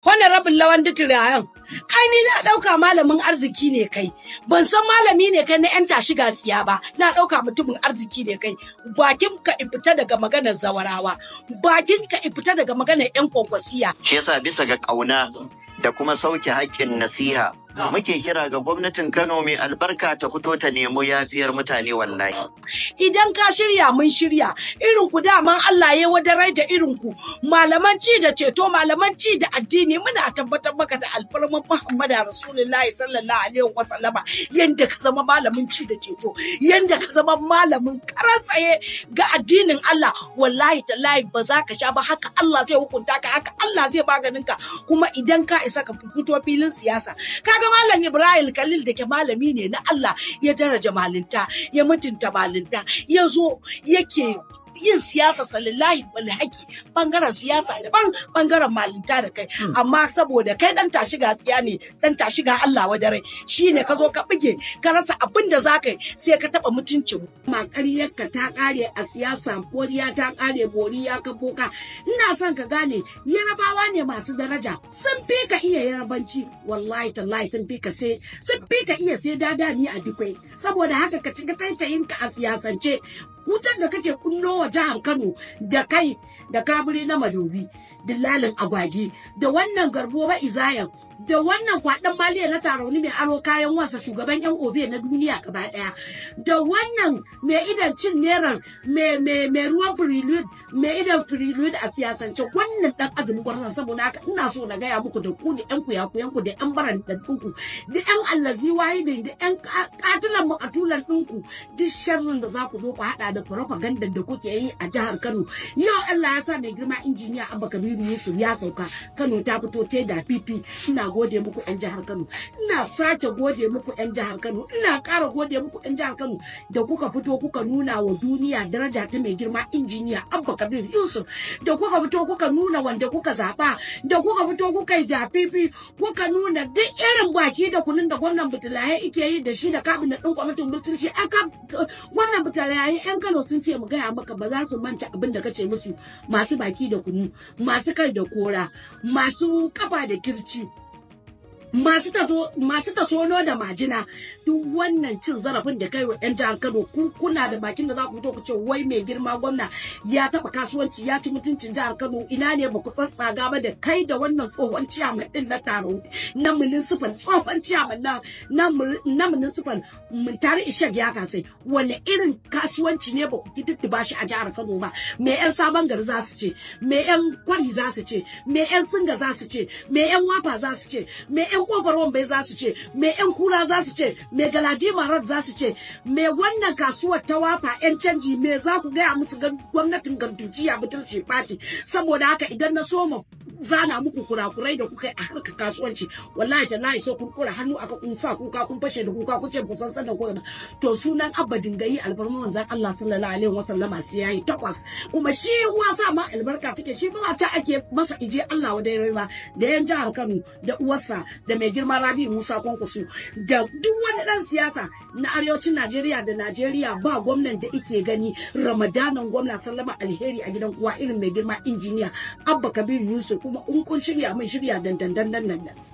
Honorable Lawan Ditirayan, kai ni na ɗauka malamin arziki ne kai, ban san malami ne kai na ‘yan tashi tsiya ba, na ɗauka mutumin arziki ne kai, bakin ka fita daga maganar zawarawa, bakin ka fita daga maganar ‘yan kwakwasiya. Shi yasa bisa ga ƙauna da kuma sauke haƙƙin nasiha muke kira ga gwamnatin Kano mai albarka ta fito ta nemo yafiyar mutane wallahi. Idan ka shirya mun shirya irin ku daman Allah ya wadarai da irin ku malaman ci da ceto malaman ci da addini muna tabbatar maka da alfarmar Muhammad Rasulullah sallallahu alaihi wasallama yanda ka zama malamin ci da ceto yanda ka zama malamin karan tsaye ga addinin Allah wallahi tallahi ba za ka sha ba haka Allah zai hukunta ka haka Allah zai maganin ka kuma idan ka isa ka fito filin siyasa ka ga malam Ibrahim Khalil da ke malami ne na Allah ya daraja malinta ya mutunta malinta ya zo yake yin siyasa salillahi balhaki bangaren siyasa daban bangaren malinta da kai hmm. amma saboda kai dan tashi ga tsiya ne dan tashi ga Allah wa dare shine ka zo ka bige ka rasa abin da zaka yi sai ka taba mutuncin ma ka ta ƙare a siyasa boriya ta ƙare bori ya ka boka ina son ka gane yarabawa ne masu daraja sun fi ka iya yarabanci wallahi tallahi sun fi ka sai sun fi ka iya sai dada ni a dukwai saboda haka ka ci ka taitayin ka a siyasance wutar da kake kunno wa jihar Kano da kai da kaburi na madobi dillalin agwagi da wannan garbo ba izayan da wannan kwaɗan maliya na tarauni mai aro kayan wasa shugaban yan obe na duniya gaba ɗaya da wannan mai idan cin neran mai ruwan prelude mai idan prelude a siyasance wannan ɗan azumin gwarzan saboda haka ina so na gaya muku da ku da yan ku da yan baran ɗinku da yan allazi wahidin da yan katulan makatulan ɗinku duk sharrin da za ku zo ku haɗa da propaganda da kuke yi a jihar kano yau allah ya sa mai girma injiniya abba kabiru Aminu Yusuf ya sauka Kano ta fito ta da PP ina gode muku yan jihar Kano ina sake gode muku yan jihar Kano ina ƙara gode muku yan jihar Kano da kuka fito kuka nuna wa duniya daraja ta mai girma injiniya Abba Kabir Yusuf da kuka fito kuka nuna wanda kuka zaba da kuka fito kuka yi da PP kuka nuna duk irin baki da kunun da gwamnan Butulaye yake yi da shi da kabin ɗin kwamitin mutunci gwamnan yan Kano sun ce mu gaya maka ba za su manta abin da kace musu masu baki da kunu masu masu kai da kora masu kafa da kirci masu tasono da majina duk wannan cin zarafin da kai wa 'yan jihar Kano kuna da bakin da za ku fito ku ce wai mai girma gwamna ya taba kasuwanci ya ci mutuncin jihar Kano ina ne ba ku tsatsaga ba da kai da wannan tsohon ciyaman din na taro na municipal tsohon ciyaman na na municipal mun tare ishak ya kasai wani irin kasuwanci ne ba baku kididdiba shi a jihar Kano ba me 'yan sabon gari za su ce me 'yan kwari za su ce me 'yan singa za su ce me 'yan wafa za su ce me 'yan 'yan kofar bai za su ce mai 'yan kura za su ce me galadi marar za su ce me wannan kasuwar ta wafa 'yan canji me za ku gaya musu gwamnatin gandujiya butulci fati saboda haka idan na soma zana muku kurakurai da kuka yi a harkar kasuwanci wallahi tallahi sai kun kura hannu aka kun sa kuka kun fashe da kuka kun ce ku san sanin kuka to sunan abba dingayi alfarma manzon Allah sallallahu alaihi wasallama sai yayi takwas kuma shi uwa sa ma albarka take shi ba ta ake masa ije Allah wa dai ba da yan jihar Kano da uwarsa da mai girma Rabi Musa Kwankwaso da duk wani dan siyasa na arewacin Najeriya da Najeriya ba gwamnan da ike gani Ramadanan gwamna sallama alheri a gidan uwa irin mai girma injiniya Abba Kabir Yusuf kuma in kun shirya mun shirya dandan dandan nan